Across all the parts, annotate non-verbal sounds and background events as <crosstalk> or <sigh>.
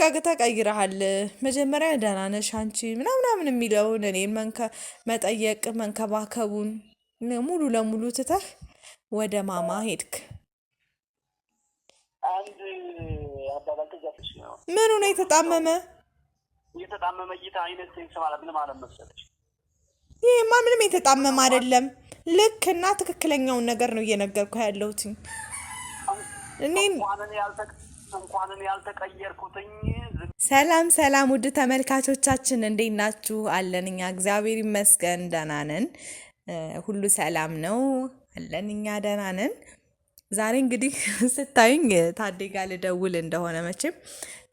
በቃ ተቀይረሃል፣ መጀመሪያ ደህና ነሽ አንቺ ምናምናምን የሚለውን እኔን መጠየቅ መንከባከቡን ሙሉ ለሙሉ ትተህ ወደ ማማ ሄድክ። ምኑ ነው የተጣመመ? የተጣመመ እይታ አይነት ምንም የተጣመመ አይደለም። ልክ እና ትክክለኛውን ነገር ነው እየነገርኩ ያለሁት እኔ እንኳንም ያልተቀየርኩትኝ። ሰላም ሰላም፣ ውድ ተመልካቾቻችን እንዴት ናችሁ? አለን እኛ እግዚአብሔር ይመስገን ደህና ነን። ሁሉ ሰላም ነው አለን እኛ ደህና ነን። ዛሬ እንግዲህ <laughs> ስታዩኝ ታዴጋ ልደውል እንደሆነ መቼም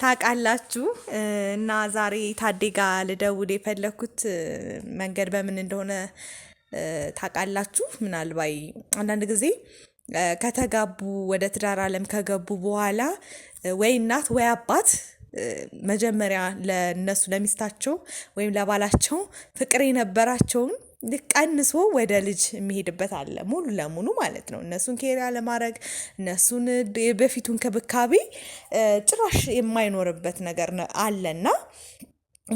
ታውቃላችሁ እና ዛሬ ታዴጋ ልደውል የፈለግኩት መንገድ በምን እንደሆነ ታውቃላችሁ። ምናልባይ አንዳንድ ጊዜ ከተጋቡ ወደ ትዳር አለም ከገቡ በኋላ ወይ እናት ወይ አባት መጀመሪያ ለነሱ ለሚስታቸው ወይም ለባላቸው ፍቅር የነበራቸውን ቀንሶ ወደ ልጅ የሚሄድበት አለ። ሙሉ ለሙሉ ማለት ነው። እነሱን ኬሪያ ለማድረግ እነሱን በፊቱ እንክብካቤ ጭራሽ የማይኖርበት ነገር አለና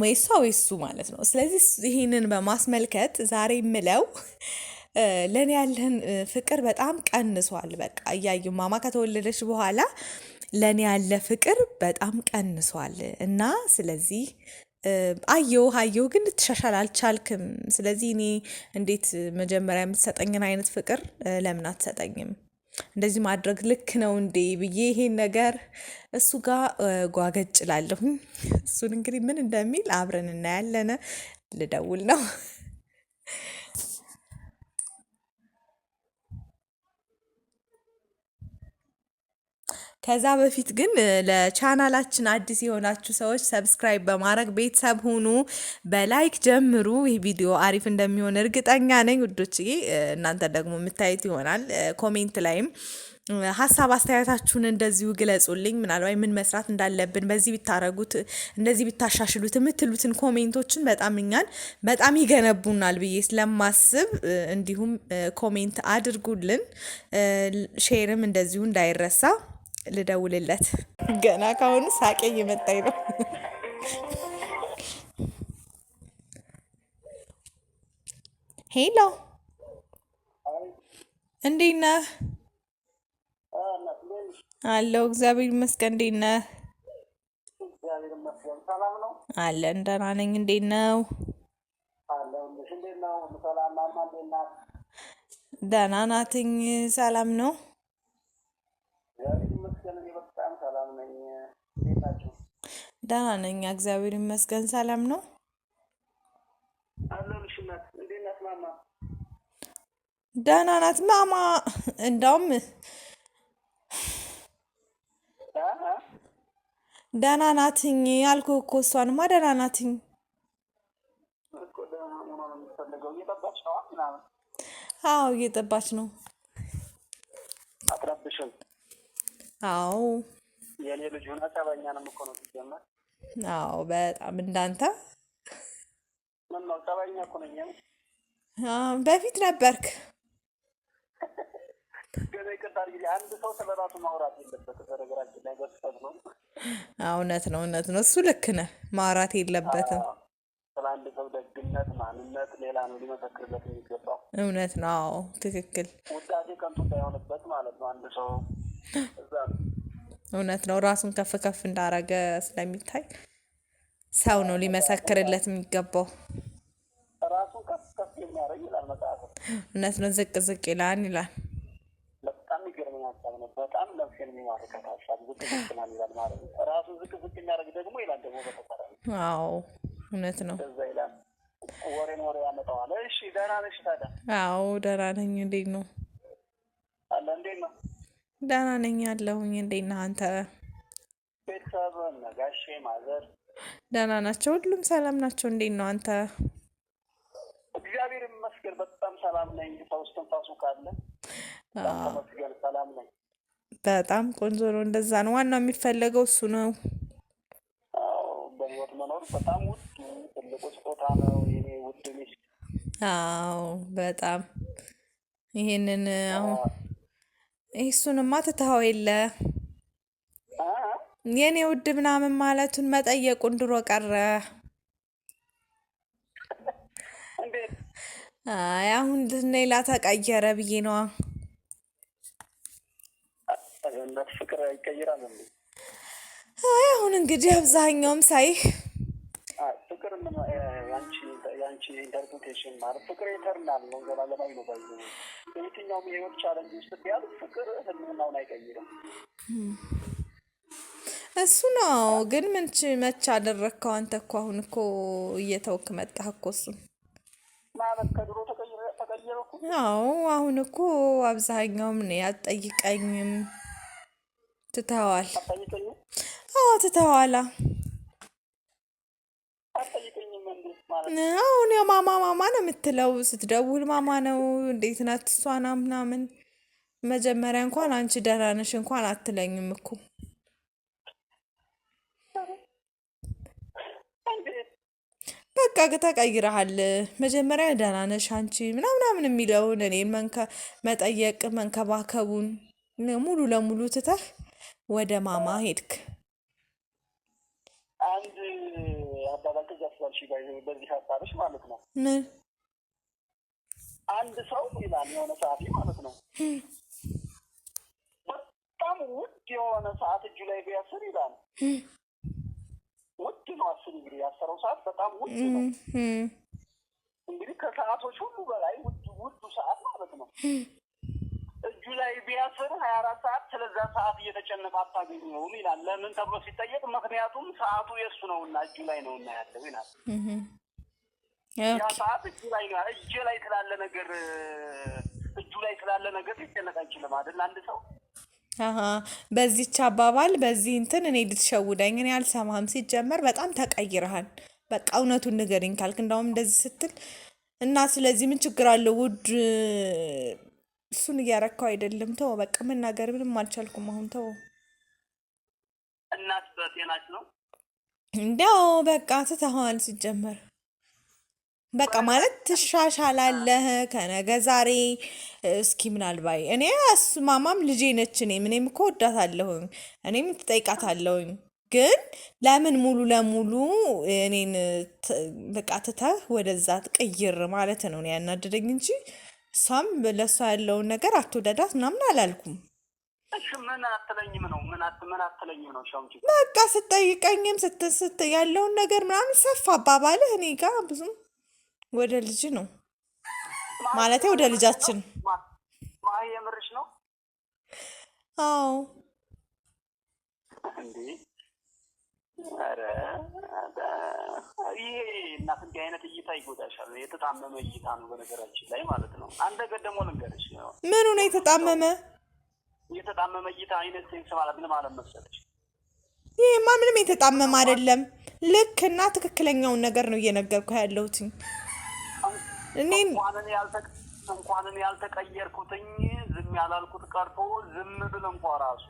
ወይ እሷ ወይ እሱ ማለት ነው። ስለዚህ ይህንን በማስመልከት ዛሬ ምለው ለእኔ ያለህን ፍቅር በጣም ቀንሷል። በቃ እያዩ ማማ ከተወለደች በኋላ ለእኔ ያለ ፍቅር በጣም ቀንሷል እና ስለዚህ አየው አየው ግን ልትሻሻል አልቻልክም። ስለዚህ እኔ እንዴት መጀመሪያ የምትሰጠኝን አይነት ፍቅር ለምን አትሰጠኝም? እንደዚህ ማድረግ ልክ ነው እንዴ ብዬ ይሄን ነገር እሱ ጋር ጓገጭ ላለሁኝ። እሱን እንግዲህ ምን እንደሚል አብረን እናያለን። ልደውል ነው ከዛ በፊት ግን ለቻናላችን አዲስ የሆናችሁ ሰዎች ሰብስክራይብ በማድረግ ቤተሰብ ሁኑ። በላይክ ጀምሩ። ይህ ቪዲዮ አሪፍ እንደሚሆን እርግጠኛ ነኝ ውዶችዬ። እናንተ ደግሞ የምታዩት ይሆናል። ኮሜንት ላይም ሀሳብ አስተያየታችሁን እንደዚሁ ግለጹልኝ። ምናልባት ምን መስራት እንዳለብን በዚህ ቢታረጉት እንደዚህ ቢታሻሽሉት የምትሉትን ኮሜንቶችን በጣም እኛን በጣም ይገነቡናል ብዬ ስለማስብ እንዲሁም ኮሜንት አድርጉልን። ሼርም እንደዚሁ እንዳይረሳ ልደውልለት። ገና ካሁን ሳቄ እየመጣኝ ነው። ሄሎ እንዴት ነህ? አለው እግዚአብሔር ይመስገን። እንዴት ነህ? አለን ደህና ነኝ። እንዴት ነው? ደህና ናትኝ። ሰላም ነው። ደህና ነኝ፣ እግዚአብሔር ይመስገን። ሰላም ነው። ደህና ናት ማማ። እንደውም ደህና ናትኝ ያልኩህ እኮ እሷንማ ደህና ናትኝ። አዎ እየጠባች ነው። አዎ የእኔ ልጅ ሆና ነው እኮ ነው ሲጀመር። አዎ በጣም እንዳንተ ምነው ጸባኛ እኮ ነኝ። በፊት ነበርክ። ገና ይቅርታ አድርጊልኝ። አንድ ሰው ስለ ራሱ ማውራት የለበት በነገራችን ላይ በስተት ነው። እውነት ነው፣ እውነት ነው። እሱ ልክ ነህ፣ ማውራት የለበትም ስለ አንድ ሰው ደግነት፣ ማንነት ሌላ ነው ሊመሰክርበት የሚገባው። እውነት ነው፣ አዎ ትክክል። ውዳሴ ከንቱ እንዳይሆንበት ማለት ነው አንድ ሰው እዛ ነው እውነት ነው። ራሱን ከፍ ከፍ እንዳረገ ስለሚታይ ሰው ነው ሊመሰክርለት የሚገባው። ራሱን እውነት ነው። ዝቅ ዝቅ ይላል ይላል። አዎ፣ እውነት ነው። ወሬን ወሬ ያመጣዋል። እሺ፣ ደህና ነሽ ታዲያ? አዎ፣ ደህና ነኝ። እንዴት ነው አለ እንዴት ነው ደህና ነኝ ያለሁኝ። እንዴት ነህ አንተ? ቤተሰብ ነጋሼ ማዘር ደህና ናቸው? ሁሉም ሰላም ናቸው? እንዴት ነው አንተ? እግዚአብሔር ይመስገን በጣም ሰላም ነኝ። ፈውስ ፋሱ ካለ ተመስገን ሰላም ነኝ። በጣም ቆንጆ ነው። እንደዛ ነው ዋናው የሚፈለገው እሱ ነው። በህይወት መኖር በጣም ውድ ትልቁ ስጦታ ነው። የኔ ውድ ሚስ። አዎ በጣም ይሄንን አሁን እሱንማ ትተኸው የለ የኔ ውድ ምናምን ማለቱን መጠየቁን ድሮ ቀረ። አይ አሁን ሌላ ተቀየረ ብዬ ነዋ። አይ አሁን እንግዲህ አብዛኛውም ሳይህ አንቺ ኢንተርፕሬቴሽን ማለት ፍቅር ኢተርናል ነው፣ ዘላለማዊ ነው። በዙ በየትኛውም የህይወት ቻለንጅ ውስጥ ቢያሉ ፍቅር ህልምናውን አይቀይርም። እሱ ነው ግን ምንች መች አደረግከው አንተ እኮ አሁን እኮ እየተውክ መጣህ እኮ እሱን ማለት ከድሮ ተቀየረኩ። አዎ አሁን እኮ አብዛኛውም ነው ያጠይቀኝም ትተዋል። አዎ ትተዋላ አሁን ያው ማማ ማማ ነው የምትለው ስትደውል ማማ ነው እንዴት ናት እሷና ምናምን። መጀመሪያ እንኳን አንቺ ደህና ነሽ እንኳን አትለኝም እኮ በቃ ተቀይረሃል። መጀመሪያ ደህና ነሽ አንቺ ምናምናምን የሚለውን እኔ መጠየቅ መንከባከቡን ሙሉ ለሙሉ ትተህ ወደ ማማ ሄድክ። በዚህ ሀሳብሽ ማለት ነው። ምን አንድ ሰው ይላል የሆነ ሰዓት ማለት ነው በጣም ውድ የሆነ ሰዓት እጁ ላይ ቢያስር ይላል ውድ ነው። አስር እንግዲህ ያሰረው ሰዓት በጣም ውድ ነው። እንግዲህ ከሰዓቶች ሁሉ በላይ ውድ ውዱ ሰዓት ማለት ነው። አስር ሀያ አራት ሰዓት ስለዛ ሰዓት እየተጨነቀ አታገኘውም ይላል። ለምን ተብሎ ሲጠየቅ ምክንያቱም ሰዓቱ የእሱ ነውና እጁ ላይ ነውና ያለው ይላል። ያ ሰዓት እጁ ላይ ነው፣ እጅ ላይ ስላለ ነገር እጁ ላይ ስላለ ነገር ሊጨነቅ አይችልም አይደል አንድ ሰው በዚች አባባል በዚህ እንትን እኔ ልትሸውደኝ እኔ አልሰማህም። ሲጀመር በጣም ተቀይረሃል። በቃ እውነቱን ንገረኝ ካልክ እንዳውም እንደዚህ ስትል እና ስለዚህ ምን ችግር አለው ውድ እሱን እያረካው አይደለም። ተው በቃ መናገር ምንም አልቻልኩም። አሁን ተው እናት በጤናች ነው እንዲያው በቃ ትተኸዋል። ሲጀመር በቃ ማለት ትሻሻላለህ ከነገ ዛሬ። እስኪ ምናልባይ እኔ እሱ ማማም ልጄ ነች። እኔም እኔም እኮ ወዳታለሁኝ እኔም ትጠይቃታለሁኝ። ግን ለምን ሙሉ ለሙሉ እኔን በቃ ትተህ ወደዛ ትቀይር ማለት ነው ያናደደኝ እንጂ እሷም ለእሷ ያለውን ነገር አትወደዳት ምናምን አላልኩም። ምን በቃ ስጠይቀኝም ስትስት ያለውን ነገር ምናምን ሰፋ አባባልህ እኔ ጋ ብዙም ወደ ልጅ ነው ማለት ወደ ልጃችን የምርሽ ነው። አዎ ይሄ እናት እንዲህ አይነት እይታ ይጎዳሻል። የተጣመመ እይታ ነው በነገራችን ላይ ማለት ነው። አንድ ነገር ደግሞ ልንገርሽ። ምኑ ነው የተጣመመ? የተጣመመ እይታ አይነት ሴንስ ማለት ምን ማለት መሰለሽ? ይሄማ ምንም የተጣመመ አይደለም። ልክ እና ትክክለኛውን ነገር ነው እየነገርኩ ያለሁትኝ። እኔን እንኳንን ያልተቀየርኩትኝ ዝም ያላልኩት ቀርቶ ዝም ብል እንኳ ራሱ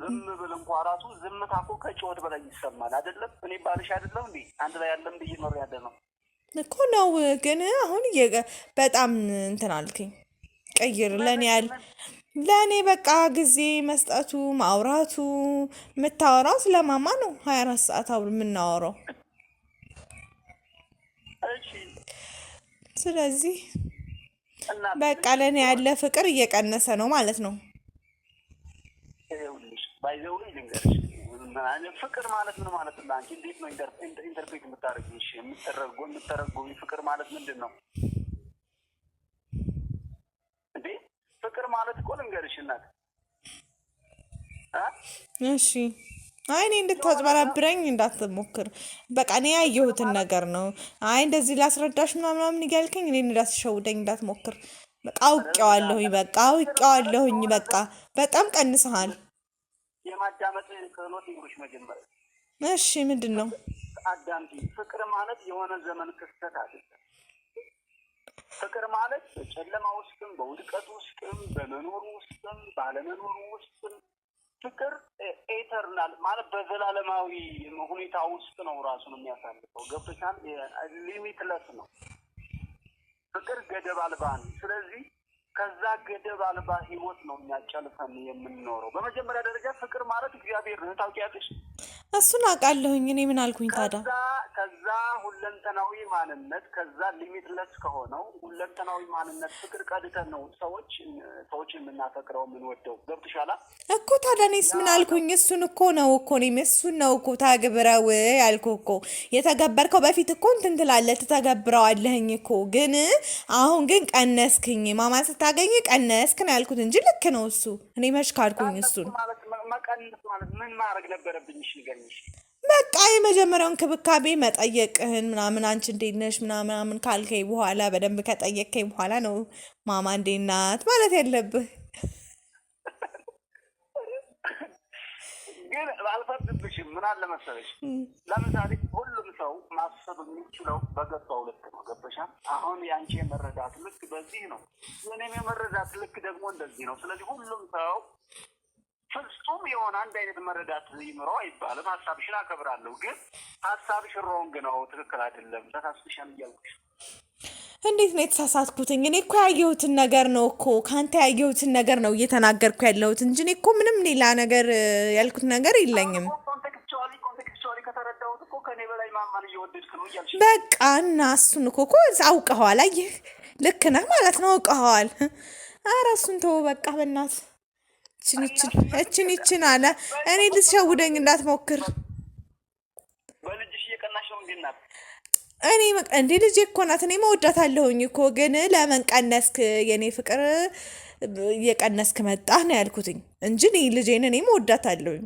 ዝም ብል እንኳ ራሱ ዝምታ እኮ ከጭወት በላይ ይሰማል። አይደለም እኔ ባልሽ አይደለም እንዴ አንድ ላይ ያለም ብዬ ኖር ያለ ነው እኮ ነው። ግን አሁን በጣም እንትን አልክኝ። ቀይር ለእኔ ያል ለእኔ በቃ ጊዜ መስጠቱ ማውራቱ የምታወራው ስለማማ ነው። ሀያ አራት ሰዓት አብሮ የምናወራው ስለዚህ በቃ ለእኔ ያለ ፍቅር እየቀነሰ ነው ማለት ነው። ባይዘው ላይ ልንገርሽ ፍቅር ማለት ምን ማለት ነው? አንቺ እንዴት ነው ኢንተርፕሬት የምታደርጊሽ? የምተረጎሚ ፍቅር ማለት ምንድን ነው እንዴ? ፍቅር ማለት እኮ ልንገርሽ እናት። እሺ አይ እኔ እንድታጭበረብረኝ እንዳትሞክር። በቃ እኔ ያየሁትን ነገር ነው። አይ እንደዚህ ላስረዳሽ ምናምናምን እያልከኝ እኔ እንዳትሸውደኝ እንዳትሞክር። በቃ አውቄዋለሁኝ። በቃ አውቄዋለሁኝ። በቃ በጣም ቀንሰሃል። የማዳመጥ ክህሎት ይኑርሽ። መጀመሪያ እሺ፣ ምንድን ነው አዳምጪ። ፍቅር ማለት የሆነ ዘመን ክስተት አይደለም። ፍቅር ማለት በጨለማ ውስጥም በውድቀት ውስጥም በመኖሩ ውስጥም ባለመኖሩ ውስጥም ፍቅር ኤተርናል ማለት በዘላለማዊ ሁኔታ ውስጥ ነው ራሱን የሚያሳልፈው። ገብቶሻል? ሊሚትለስ ነው ፍቅር ገደብ አልባ ነው። ስለዚህ ከዛ ገደብ አልባ ህይወት ነው የሚያጨልፈን የምንኖረው። በመጀመሪያ ደረጃ ፍቅር ማለት እግዚአብሔር ነው። ታውቂያለሽ እሱን አውቃለሁኝ። እኔ ምን አልኩኝ ታዲያ? ከዛ ሁለንተናዊ ማንነት ከዛ ሊሚትለስ ከሆነው ሁለንተናዊ ማንነት ፍቅር ቀድተን ነው ሰዎች ሰዎች የምናፈቅረው የምንወደው። ገብትሻላ እኮ ታዲያ። እኔስ ምን አልኩኝ? እሱን እኮ ነው እኮ እኔም እሱን ነው እኮ ታግብረው ያልኩ እኮ። የተገበርከው በፊት እኮ እንትን ትላለህ ትተገብረዋለህኝ እኮ ግን አሁን ግን ቀነስክኝ። ማማ ስታገኝ ቀነስክን ያልኩት እንጂ ልክ ነው እሱ። እኔ መሽካልኩኝ ካድኩኝ እሱን መቀነስ ማለት ምን ማድረግ ነበረብኝ? እሺ በቃ የመጀመሪያው እንክብካቤ መጠየቅህን ምናምን አንቺ እንዴት ነሽ ምናምን ካልከኝ በኋላ በደንብ ከጠየቅከኝ በኋላ ነው ማማ እንዴት ናት ማለት ያለብህ። ግን አልፈርድብሽም። ምን አለ መሰለሽ፣ ለምሳሌ ሁሉም ሰው ማሰብ የሚችለው በገባው ልክ ነው። ገበሻ አሁን የአንቺ የመረዳት ልክ በዚህ ነው፣ የእኔም የመረዳት ልክ ደግሞ እንደዚህ ነው። ስለዚህ ሁሉም ሰው ፍጹም የሆነ አንድ አይነት መረዳት ይኑረው አይባልም። ሀሳብሽን አከብራለሁ፣ ግን ሀሳብሽ ሮንግ ነው፣ ትክክል አይደለም፣ ተሳስብሻል እያልኩሽ እንዴት ነው የተሳሳትኩትኝ? እኔ እኮ ያየሁትን ነገር ነው እኮ ከአንተ ያየሁትን ነገር ነው እየተናገርኩ ያለሁት እንጂ እኔ እኮ ምንም ሌላ ነገር ያልኩት ነገር የለኝም። በቃ እና እሱን እኮ እኮ አውቀኸዋል። አየህ፣ ልክ ነህ ማለት ነው። አውቀኸዋል። ኧረ እሱን ተወው በቃ በእናትህ እችን እችን እችን እችን አለ። እኔ ልትሸውደኝ እንዳትሞክር። እኔ እንዴ ልጅ እኮ ናት። እኔ መወዳት አለሁኝ እኮ ግን ለምን ቀነስክ? የእኔ ፍቅር እየቀነስክ መጣ ነው ያልኩትኝ እንጂ ልጄን እኔ መወዳት አለሁኝ።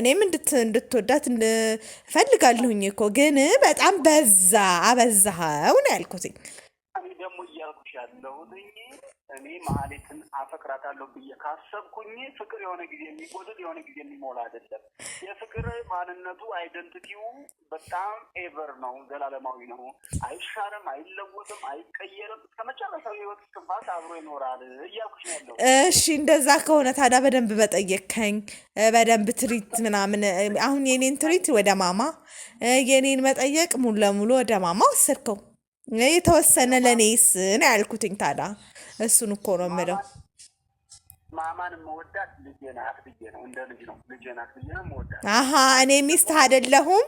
እኔም እንድትወዳት እፈልጋለሁኝ እኮ ግን በጣም በዛ አበዛኸው ነው ያልኩትኝ። ደግሞ እያልኩሽ ያለሁትኝ እኔ መሀሌትን አፈቅራታለሁ ብዬ ካሰብኩኝ ፍቅር የሆነ ጊዜ የሚጎድል የሆነ ጊዜ የሚሞላ አይደለም። የፍቅር ማንነቱ አይደንቲቲው በጣም ኤቨር ነው፣ ዘላለማዊ ነው። አይሻርም፣ አይለወጥም፣ አይቀየርም። ከመጨረሻው ህይወት እስክንፋት አብሮ ይኖራል እያልኩሽ ነው ያለው። እሺ እንደዛ ከሆነ ታዲያ በደንብ በጠየከኝ በደንብ ትሪት ምናምን አሁን የኔን ትሪት ወደ ማማ የኔን መጠየቅ ሙሉ ለሙሉ ወደ ማማ ወሰድከው። የተወሰነ ለእኔስ ነው ያልኩትኝ ታዲያ እሱን እኮ ነው የምለው። ማማን መወዳት ልጄ ናት ብዬ ነው እንደ ልጅ ነው ልጄ ናት ብዬ ነው መወዳት። አሀ እኔ ሚስት አይደለሁም።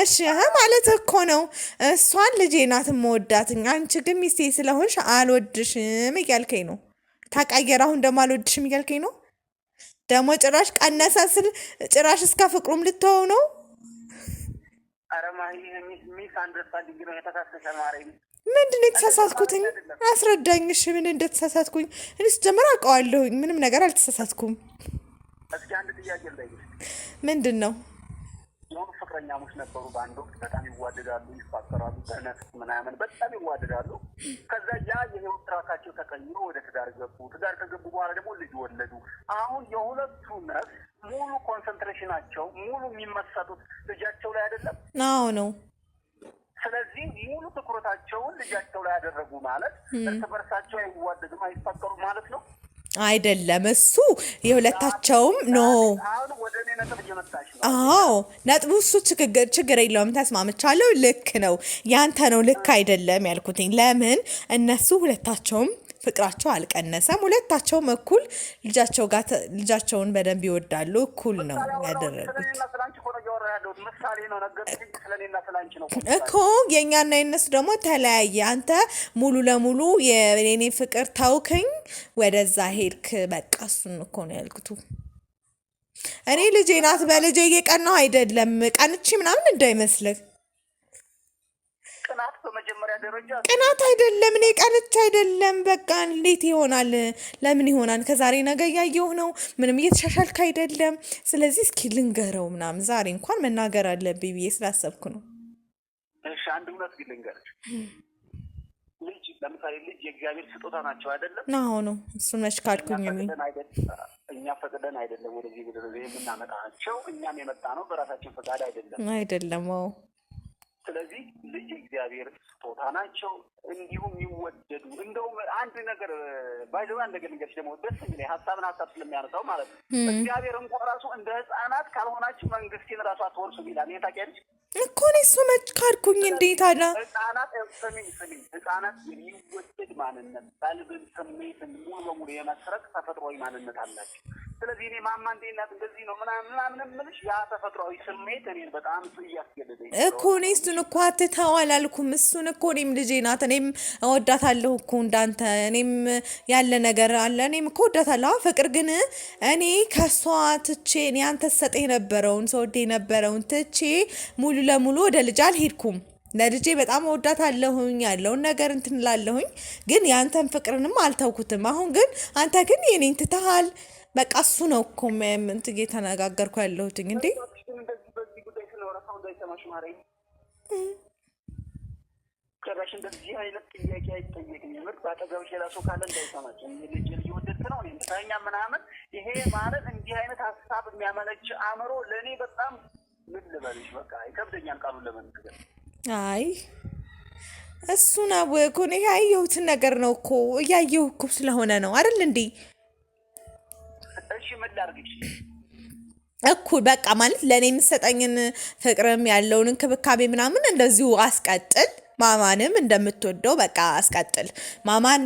እሺ ማለት እኮ ነው እሷን ልጄ ናት መወዳት። አንቺ ግን ሚስቴ ስለሆንሽ አልወድሽም እያልከኝ ነው። ታቃየር አሁን ደግሞ አልወድሽም እያልከኝ ነው። ደግሞ ጭራሽ ቀነሰ ስል ጭራሽ እስከ ፍቅሩም ልትሆን ነው ምንድን ነው የተሳሳትኩትኝ? አስረዳኝ። እሺ ምን እንደተሳሳትኩኝ እኔ ስጀምር አውቀዋለሁኝ። ምንም ነገር አልተሳሳትኩም። ምንድን ነው የሆኑ ፍቅረኛሞች ነበሩ። በአንድ ወቅት በጣም ይዋደዳሉ፣ ይፋቀራሉ፣ በእምነት ምናምን በጣም ይዋደዳሉ። ከዛ ያ የህይወት ስራታቸው ተቀይሮ ወደ ትዳር ገቡ። ትዳር ከገቡ በኋላ ደግሞ ልጅ ወለዱ። አሁን የሁለቱ ነፍስ ሙሉ ኮንሰንትሬሽናቸው ሙሉ የሚመሰጡት ልጃቸው ላይ አይደለም። አዎ ነው። ስለዚህ ሙሉ ትኩረታቸውን ልጃቸው ላይ ያደረጉ ማለት እርስ በርሳቸው አይዋደዱም፣ አይፋቀሩ ማለት ነው። አይደለም እሱ የሁለታቸውም ኖ አዎ ነጥቡ እሱ ችግር የለውም፣ ተስማምቻለሁ። ልክ ነው። ያንተ ነው ልክ አይደለም ያልኩትኝ። ለምን እነሱ ሁለታቸውም ፍቅራቸው አልቀነሰም። ሁለታቸውም እኩል ልጃቸው ጋር ልጃቸውን በደንብ ይወዳሉ። እኩል ነው ያደረጉት። እኮ የእኛና የነሱ ደግሞ ተለያየ። አንተ ሙሉ ለሙሉ የኔ ፍቅር ታውክኝ ወደዛ ሄድክ። በቃ እሱን እኮ ነው ያልኩት። እኔ ልጄ ናት፣ በልጄ እየቀናሁ አይደለም ቀንቺ ምናምን እንዳይመስልህ ቅናት በመጀመሪያ ደረጃ ቅናት አይደለም። እኔ ቀንች አይደለም። በቃ እንዴት ይሆናል? ለምን ይሆናል? ከዛሬ ነገ እያየሁ ነው። ምንም እየተሻሻልክ አይደለም። ስለዚህ እስኪ ልንገረው ምናምን ዛሬ እንኳን መናገር አለብኝ ብዬ ስላሰብኩ ነው። እሺ አንድ እውነት ግን ልንገርሽ፣ ልጅ ለምሳሌ ልጅ የእግዚአብሔር ስጦታ ናቸው አይደለም? አዎ ነው። እሱን መች ካልኩኝ እኛ ፈቅደን አይደለም ወደዚህ ምድር የምናመጣቸው፣ እኛም የመጣ ነው በራሳችን ፈቃድ አይደለም አይደለም ስለዚህ ልጅ እግዚአብሔር ስጦታ ናቸው። እንዲሁም ይወደዱ እንደውም አንድ ነገር ባይዘባ እንደገ ነገሮች ደግሞ ደስ ሚ ሀሳብን ሀሳብ ስለሚያነሳው ማለት ነው እግዚአብሔር እንኳ ራሱ እንደ ህፃናት ካልሆናችሁ መንግስትን ራሱ አትወርሱ ይላል። ይህ ታውቂያለሽ እኮ እኔ እሱ መች ካድኩኝ እንዴ? ታዲያ ህጻናት ስሚኝ ስሚኝ ህጻናት የሚወደድ ማንነት ቀልብን፣ ስሜትን ሙሉ በሙሉ የመስረቅ ተፈጥሯዊ ማንነት አላቸው። ስለዚህ እኔ ማማ እንዴናት እንደዚህ ነው ምናምን ምናምን የምልሽ ያ ተፈጥሯዊ ስሜት እኔን በጣም እሱ እያስገደደኝ እኮ እኔ እሱን እኮ አትተው አላልኩም። እሱን እኮ እኔም ልጄ ናት፣ እኔም እወዳታለሁ እኮ እንዳንተ እኔም ያለ ነገር አለ። እኔም እኮ እወዳታለሁ። ፍቅር ግን እኔ ከሷ ትቼ እኔ አንተ ሰጠ የነበረውን ሰወደ የነበረውን ትቼ ሙሉ ለሙሉ ወደ ልጅ አልሄድኩም። ለልጄ በጣም ወዳት አለሁኝ ያለውን ነገር እንትንላለሁኝ፣ ግን የአንተን ፍቅርንም አልተውኩትም። አሁን ግን አንተ ግን የኔን ትተሃል። በቃ እሱ ነው እኮ ምንት እየተነጋገርኩ ያለሁትኝ እንዴ ጭራሽ ምናምን። ይሄ ማለት እንዲህ አይነት ሀሳብ የሚያመለች አእምሮ ለእኔ በጣም ምን ልበልሽ፣ በቃ ይከብደኛል ቃሉን ለመንገር። አይ እሱን አወ እኮ እኔ ያየሁትን ነገር ነው እኮ እያየሁ እኮ ስለሆነ ነው አይደል እንዴ? እሺ ምን ላድርግ እኩል በቃ ማለት ለእኔ የምሰጠኝን ፍቅርም ያለውን እንክብካቤ ምናምን እንደዚሁ አስቀጥል ማማንም እንደምትወደው በቃ አስቀጥል። ማማን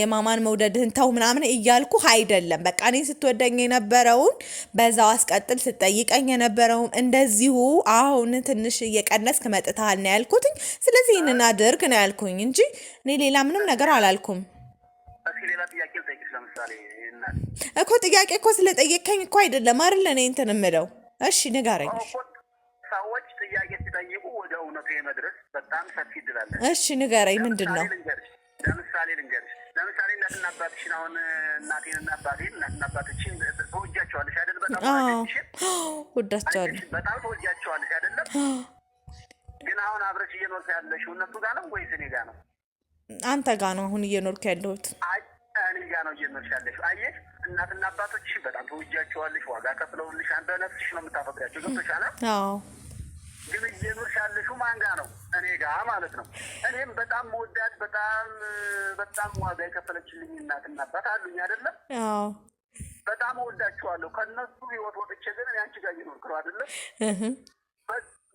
የማማን መውደድህን ተው ምናምን እያልኩ አይደለም። በቃ እኔ ስትወደኝ የነበረውን በዛው አስቀጥል። ስጠይቀኝ የነበረውን እንደዚሁ አሁን ትንሽ እየቀነስክ መጥተሃል ነው ያልኩትኝ። ስለዚህ ይህንን አድርግ ነው ያልኩኝ እንጂ እኔ ሌላ ምንም ነገር አላልኩም እኮ። ጥያቄ እኮ ስለጠየቀኝ እኮ አይደለም አይደለ እኔ እንትን እምለው። እሺ ንገረኝ። ሰዎች ጥያቄ ሲጠይቁ መቶ የመድረስ በጣም ሰፊ እድል አለ። እሺ ንገረኝ፣ ምንድን ነው? ለምሳሌ ልንገርሽ። ለምሳሌ እናትና አባትሽን አሁን እናቴንና አባቴን እናትና አባትሽን ተወጃቸዋለሽ አይደል? በጣም <gasps> ወዳቸዋለሽ፣ በጣም ተወጃቸዋለሽ አይደለም? <gasps> ግን አሁን አብረሽ እየኖርሽ ያለሽው እነሱ ጋ ነው ወይስ እኔ ጋ ነው? አንተ ጋ ነው አሁን እየኖርክ ያለሁት። እኔ ጋ ነው እየኖርሽ ያለሽው። አየሽ እናትና አባቶችሽ በጣም ተወጃቸዋለሽ፣ ዋጋ ከፍለውልሽ፣ አንተ ነፍስሽ ነው የምታፈቅሪያቸው። ገብቶሻል? አዎ ግን እየኖርሽ ያለሽው ማን ጋ ነው? እኔ ጋ ማለት ነው። እኔም በጣም መወዳት በጣም በጣም ዋጋ የከፈለችልኝ እናትና አባት አሉኝ አይደለም? በጣም እወዳችኋለሁ። ከነሱ ህይወት ወጥቼ ግን እኔ አንቺ ጋር እየኖርክ ነው አይደለም?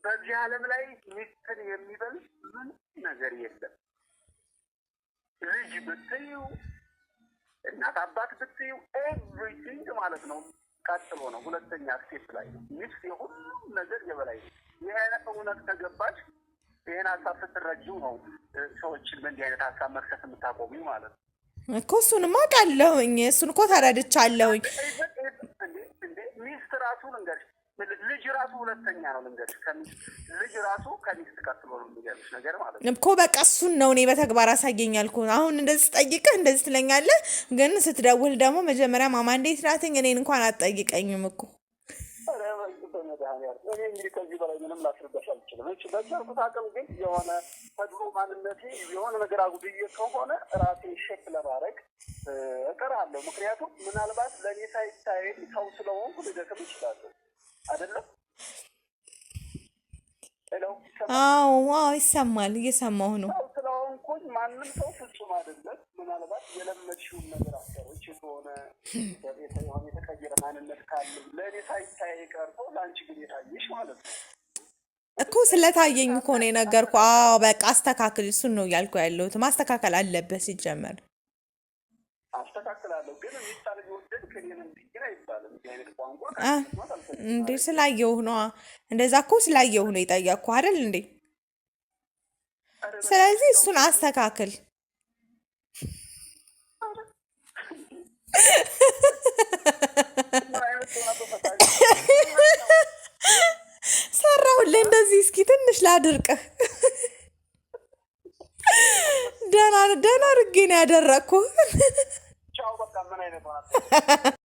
በዚህ ዓለም ላይ ሚስትን የሚበል ምን ነገር የለም። ልጅ ብትዩ፣ እናት አባት ብትዩ፣ ኤቭሪቲንግ ማለት ነው ቀጥሎ ነው። ሁለተኛ አክሴፕት ላይ ነው። ሚስት የሁሉም ነገር የበላይ ነው። ይህ አይነት እውነት ከገባች ይህን ሀሳብ ስትረጅው ነው ሰዎችን በእንዲህ አይነት ሀሳብ መክሰት የምታቆሙ ማለት ነው እኮ። እሱንማ አውቃለሁኝ። እሱን እኮ ተረድቻለሁኝ። ሚስት ራሱን እንገርሽ ልጅ ራሱ ሁለተኛ ነው ልንገርሽ። ልጅ ራሱ ከሚስት ቀጥሎ ነው የሚገርምሽ ነገር ማለት ነው እኮ በቃ እሱን ነው እኔ በተግባር አሳየኛል እኮ። አሁን እንደዚህ ስጠይቅህ እንደዚህ ትለኛለህ፣ ግን ስትደውል ደግሞ መጀመሪያ ማማ እንዴት ናትኝ እኔን እንኳን አትጠይቀኝም እኮ። እኔ እንግዲህ ከዚህ በላይ ምንም ላስርበሽ አልችልም። እች በቻልኩት አቅም ግን የሆነ ከድሮ ማንነቴ የሆነ ነገር አጉድዬ ከሆነ ራሴ ሸክ ለማድረግ እጥራለሁ። ምክንያቱም ምናልባት ለእኔ ሳይታይ ሰው ስለሆንኩ ልደክም ይችላለሁ አዎ አዎ፣ ይሰማል። እየሰማሁ ነው። ስለሆንኩኝ ማንም ሰው ፍጹም አይደለም። ምናልባት የለመድሽውን ነገር አሰሮች ከሆነ የሆነ የተቀየረ ማንነት ካለ ለእኔ ሳይታይ ቀርቶ ለአንቺ ግን የታየሽ ማለት ነው እኮ ስለታየኝ እኮ ነው የነገርኩህ። አዎ በቃ አስተካክል፣ እሱን ነው እያልኩ ያለሁት። ማስተካከል አለበት ሲጀመር እንዴ ስላየሁ ነ እንደዛ እኮ ስላየሁ ነው የጠየቅኩህ አይደል እንዴ? ስለዚህ እሱን አስተካክል። ሰራሁልህ እንደዚህ። እስኪ ትንሽ ላድርቅህ። ደህና ደህና አድርጌ ነው ያደረግኩህ። Ciao, guarda, non è